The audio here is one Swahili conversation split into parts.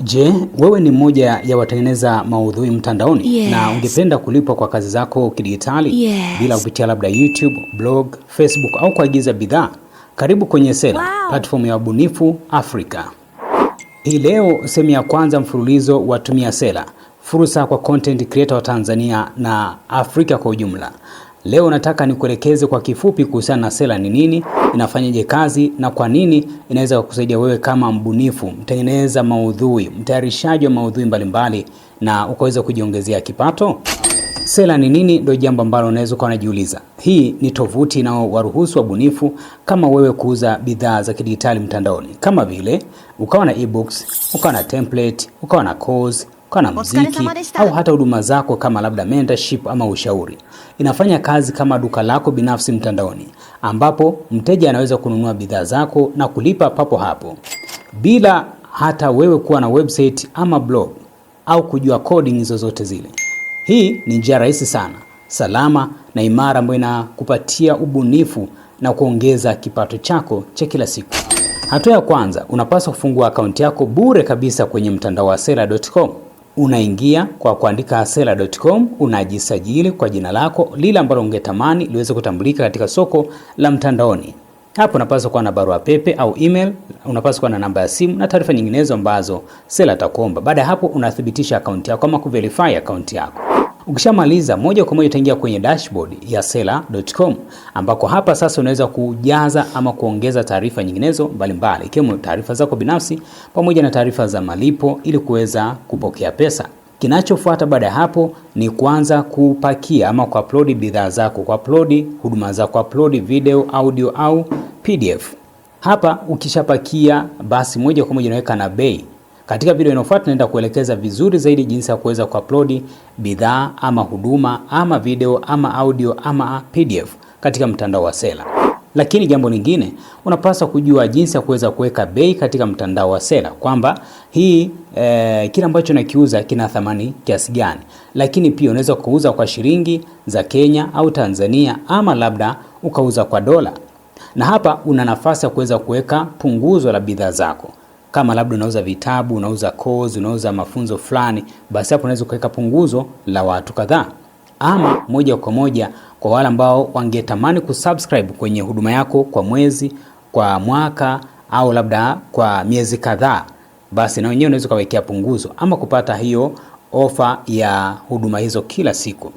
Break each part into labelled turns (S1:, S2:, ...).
S1: Je, wewe ni mmoja ya watengeneza maudhui mtandaoni? Yes. Na ungependa kulipwa kwa kazi zako kidigitali? Yes. Bila kupitia labda YouTube, blog, Facebook au kuagiza bidhaa? Karibu kwenye Sela, wow, platform ya wabunifu Afrika. Hii leo sehemu ya kwanza mfululizo wa Tumia Sela, fursa kwa content creator wa Tanzania na Afrika kwa ujumla. Leo nataka nikuelekeze kwa kifupi kuhusiana na sera ni nini, inafanyaje kazi na kwa nini inaweza kukusaidia wewe kama mbunifu, mtengeneza maudhui, mtayarishaji wa maudhui mbalimbali mbali, na ukaweza kujiongezea kipato. Sera ni nini ndio jambo ambalo unaweza ukawa unajiuliza. Hii ni tovuti inayowaruhusu wabunifu kama wewe kuuza bidhaa za kidijitali mtandaoni, kama vile ukawa na ebooks, ukawa na template, ukawa na course kana mziki au hata huduma zako kama labda mentorship ama ushauri. Inafanya kazi kama duka lako binafsi mtandaoni, ambapo mteja anaweza kununua bidhaa zako na kulipa papo hapo bila hata wewe kuwa na website ama blog au kujua coding zozote zile. Hii ni njia rahisi sana, salama na imara ambayo inakupatia ubunifu na kuongeza kipato chako cha kila siku. Hatua ya kwanza, unapaswa kufungua akaunti yako bure kabisa kwenye mtandao wa sera.com unaingia kwa kuandika sela.com, unajisajili kwa jina lako lile ambalo ungetamani liweze kutambulika katika soko la mtandaoni. Hapo unapaswa kuwa na barua pepe au email, unapaswa kuwa na namba ya simu na taarifa nyinginezo ambazo sela atakuomba. Baada ya hapo, unathibitisha akaunti yako ama kuverify akaunti yako. Ukishamaliza moja kwa moja utaingia kwenye dashboard ya Sela.com ambako hapa sasa unaweza kujaza ama kuongeza taarifa nyinginezo mbalimbali ikiwemo taarifa zako binafsi pamoja na taarifa za malipo ili kuweza kupokea pesa. Kinachofuata baada ya hapo ni kuanza kupakia ama kuupload bidhaa zako, kuupload huduma zako, kuupload video, audio au PDF. Hapa ukishapakia basi moja kwa moja unaweka na bei katika video inayofuata tunaenda kuelekeza vizuri zaidi jinsi ya kuweza kuupload bidhaa ama huduma ama video ama audio ama PDF katika mtandao wa Sela. Lakini jambo lingine unapaswa kujua jinsi ya kuweza kuweka bei katika mtandao wa Sela, kwamba hii e, kile ambacho nakiuza kina thamani kiasi gani. Lakini pia unaweza kuuza kwa shilingi za Kenya au Tanzania ama labda ukauza kwa dola, na hapa una nafasi ya kuweza kuweka punguzo la bidhaa zako kama labda unauza vitabu, unauza course, unauza mafunzo fulani, basi hapo unaweza kuweka punguzo la watu kadhaa, ama moja kwa moja kwa wale ambao wangetamani kusubscribe kwenye huduma yako kwa mwezi, kwa mwaka au labda kwa miezi kadhaa, basi na wenyewe unaweza ukawekea punguzo ama kupata hiyo ofa ya huduma hizo kila siku.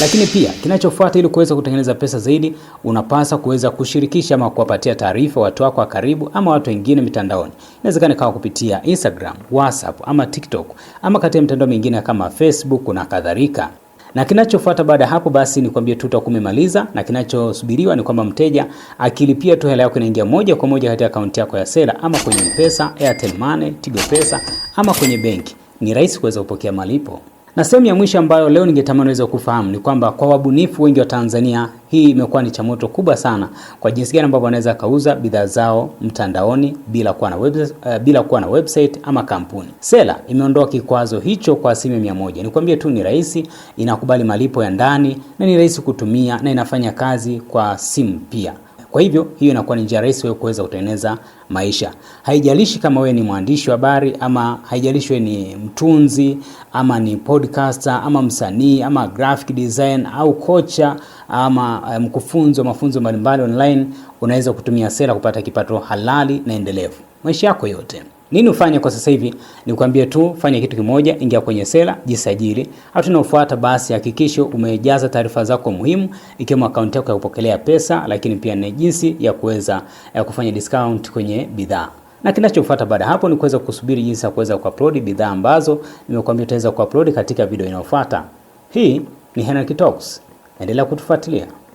S1: Lakini pia kinachofuata, ili kuweza kutengeneza pesa zaidi, unapaswa kuweza kushirikisha ama kuwapatia taarifa watu wako wa karibu ama watu wengine mitandaoni. Inawezekana ikawa kupitia Instagram, WhatsApp ama TikTok ama katika mitandao mingine kama Facebook na kadhalika na kinachofuata baada ya hapo basi ni kwambie tu tumemaliza, na kinachosubiriwa ni kwamba mteja akilipia tu hela yako inaingia moja kwa moja katika akaunti yako ya Sela ama kwenye Mpesa, Airtel Money, Tigo Pesa ama kwenye benki. Ni rahisi kuweza kupokea malipo. Na sehemu ya mwisho ambayo leo ningetamani uweze kufahamu ni kwamba kwa wabunifu wengi wa Tanzania hii imekuwa ni changamoto kubwa sana kwa jinsi gani ambavyo wanaweza kauza bidhaa zao mtandaoni bila kuwa na website, uh, bila kuwa na website ama kampuni. Sela imeondoa kikwazo hicho kwa asilimia mia moja. Nikwambie tu ni rahisi, inakubali malipo ya ndani na ni rahisi kutumia na inafanya kazi kwa simu pia. Kwa hivyo hiyo inakuwa ni njia rahisi wewe kuweza kutengeneza maisha. Haijalishi kama wewe ni mwandishi wa habari ama haijalishi wewe ni mtunzi ama ni podcaster ama msanii ama graphic design au kocha ama eh, mkufunzi wa mafunzo mbalimbali online, unaweza kutumia sera kupata kipato halali na endelevu maisha yako yote. Nini ufanye kwa sasa hivi? Nikwambie tu fanya kitu kimoja, ingia kwenye sela, jisajili. Au tunaofuata basi hakikisho umejaza taarifa zako muhimu ikiwemo akaunti yako ya kupokelea pesa, lakini pia na jinsi ya kuweza eh, kufanya discount kwenye bidhaa. Na kinachofuata baada hapo ni kuweza kusubiri jinsi ya kuweza kuupload bidhaa ambazo nimekuambia utaweza kuupload katika video inayofuata. Hii ni Henrick Talks. Endelea kutufuatilia.